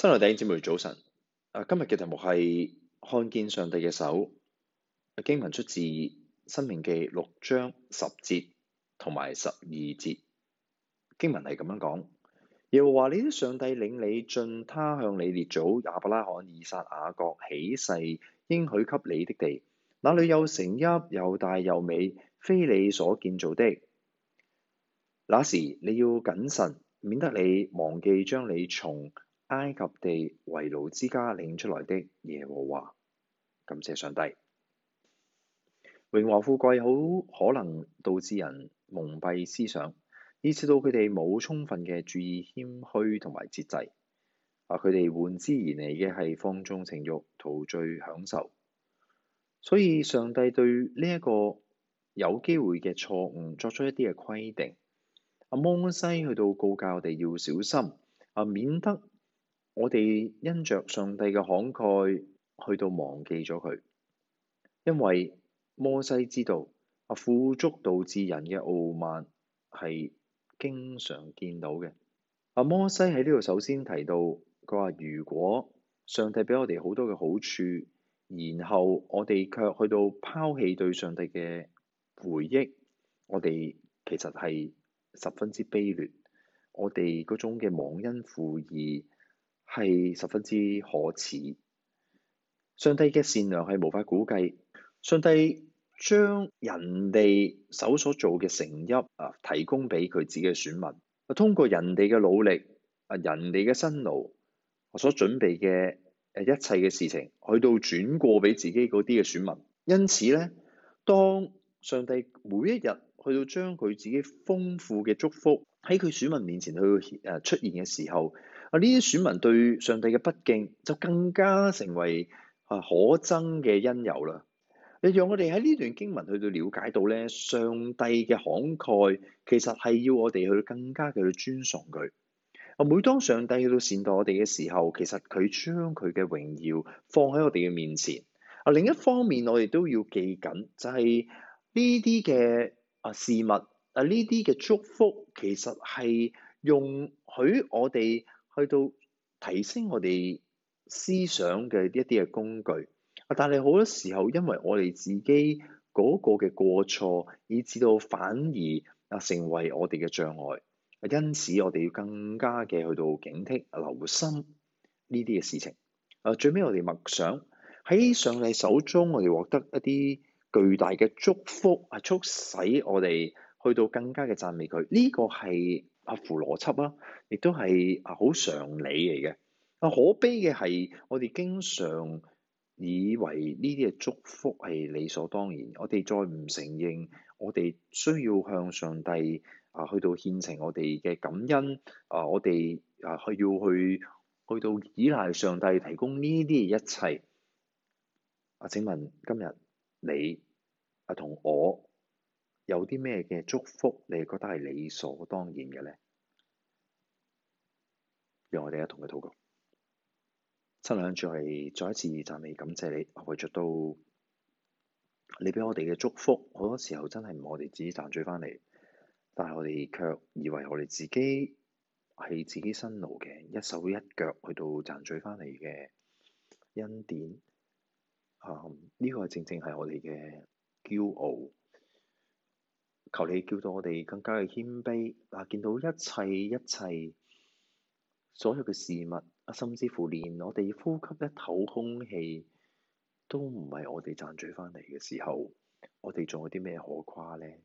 親愛弟兄姊妹早晨，今日嘅題目係看見上帝嘅手。經文出自《申命記》六章十節同埋十二節。經文係咁樣講：耶和華你啲上帝領你進他向你列祖亞伯拉罕、以撒、雅各起誓應許給你的地，那裏有城邑，又大又美，非你所建造的。那時你要謹慎，免得你忘記將你從埃及地、為奴之家領出來的耶和華，感謝上帝。榮華富貴好可能導致人蒙蔽思想，以至到佢哋冇充分嘅注意謙虛同埋節制。啊，佢哋換之而嚟嘅係放縱情慾、陶醉享受。所以，上帝對呢一個有機會嘅錯誤作出一啲嘅規定。阿、啊、摩西去到告誡我哋要小心，啊，免得。我哋因着上帝嘅慷慨去到忘記咗佢，因為摩西知道啊，富足導致人嘅傲慢係經常見到嘅。阿摩西喺呢度首先提到，佢話如果上帝俾我哋好多嘅好處，然後我哋卻去到拋棄對上帝嘅回憶，我哋其實係十分之卑劣，我哋嗰種嘅忘恩負義。係十分之可恥。上帝嘅善良係無法估計。上帝將人哋手所做嘅城邑啊，提供俾佢自己嘅選民。啊，通過人哋嘅努力啊，人哋嘅辛勞，所準備嘅誒一切嘅事情，去到轉過俾自己嗰啲嘅選民。因此咧，當上帝每一日去到將佢自己豐富嘅祝福喺佢選民面前去誒出現嘅時候，啊！呢啲選民對上帝嘅不敬就更加成為啊可憎嘅因由啦。你讓我哋喺呢段經文去到了解到咧，上帝嘅慷慨其實係要我哋去更加嘅去尊崇佢啊。每當上帝去到善待我哋嘅時候，其實佢將佢嘅榮耀放喺我哋嘅面前啊。另一方面，我哋都要記緊就係呢啲嘅啊事物啊，呢啲嘅祝福其實係容許我哋。去到提升我哋思想嘅一啲嘅工具，啊！但係好多時候，因為我哋自己嗰個嘅過錯，以至到反而啊成為我哋嘅障礙，因此我哋要更加嘅去到警惕、留心呢啲嘅事情。啊，最尾我哋默想喺上帝手中，我哋獲得一啲巨大嘅祝福，啊，促使我哋去到更加嘅讚美佢。呢個係。合乎邏輯啦，亦都係啊好常理嚟嘅。啊，可悲嘅係我哋經常以為呢啲嘅祝福係理所當然，我哋再唔承認，我哋需要向上帝啊去到獻呈我哋嘅感恩啊，我哋啊去要去去到依賴上帝提供呢啲一切。啊，請問今日你啊同我？有啲咩嘅祝福你覺得係理所當然嘅咧？讓我哋一同嘅禱告。七兩句係再一次讚美感謝你，為著到你畀我哋嘅祝福，好多時候真係唔係我哋自己賺取返嚟，但係我哋卻以為我哋自己係自己辛勞嘅一手一腳去到賺取返嚟嘅恩典。呢、嗯呢個係正正係我哋嘅驕傲。求你叫到我哋更加嘅謙卑，啊！見到一切一切所有嘅事物，啊，甚至乎連我哋呼吸一口空氣都唔係我哋賺取翻嚟嘅時候，我哋仲有啲咩可誇咧？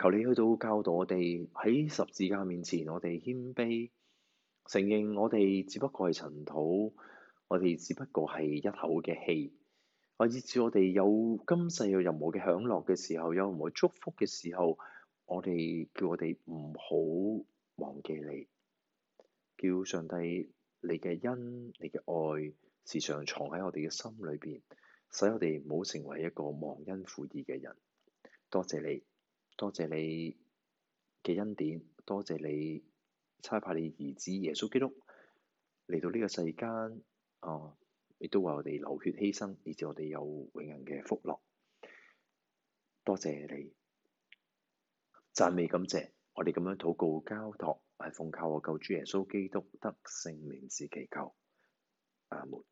求你去到教導我哋喺十字架面前，我哋謙卑，承認我哋只不過係塵土，我哋只不過係一口嘅氣。啊！以致我哋有今世有任何嘅享樂嘅時候，有任何祝福嘅時候，我哋叫我哋唔好忘記你，叫上帝你嘅恩、你嘅愛時常藏喺我哋嘅心裏邊，使我哋唔好成為一個忘恩負義嘅人。多謝你，多謝你嘅恩典，多謝你差派你兒子耶穌基督嚟到呢個世間。哦、啊。亦都話我哋流血犧牲，以致我哋有永恆嘅福樂。多謝你，讚美感謝，我哋咁樣禱告交託，係奉靠我救主耶穌基督得勝名字祈求。阿門。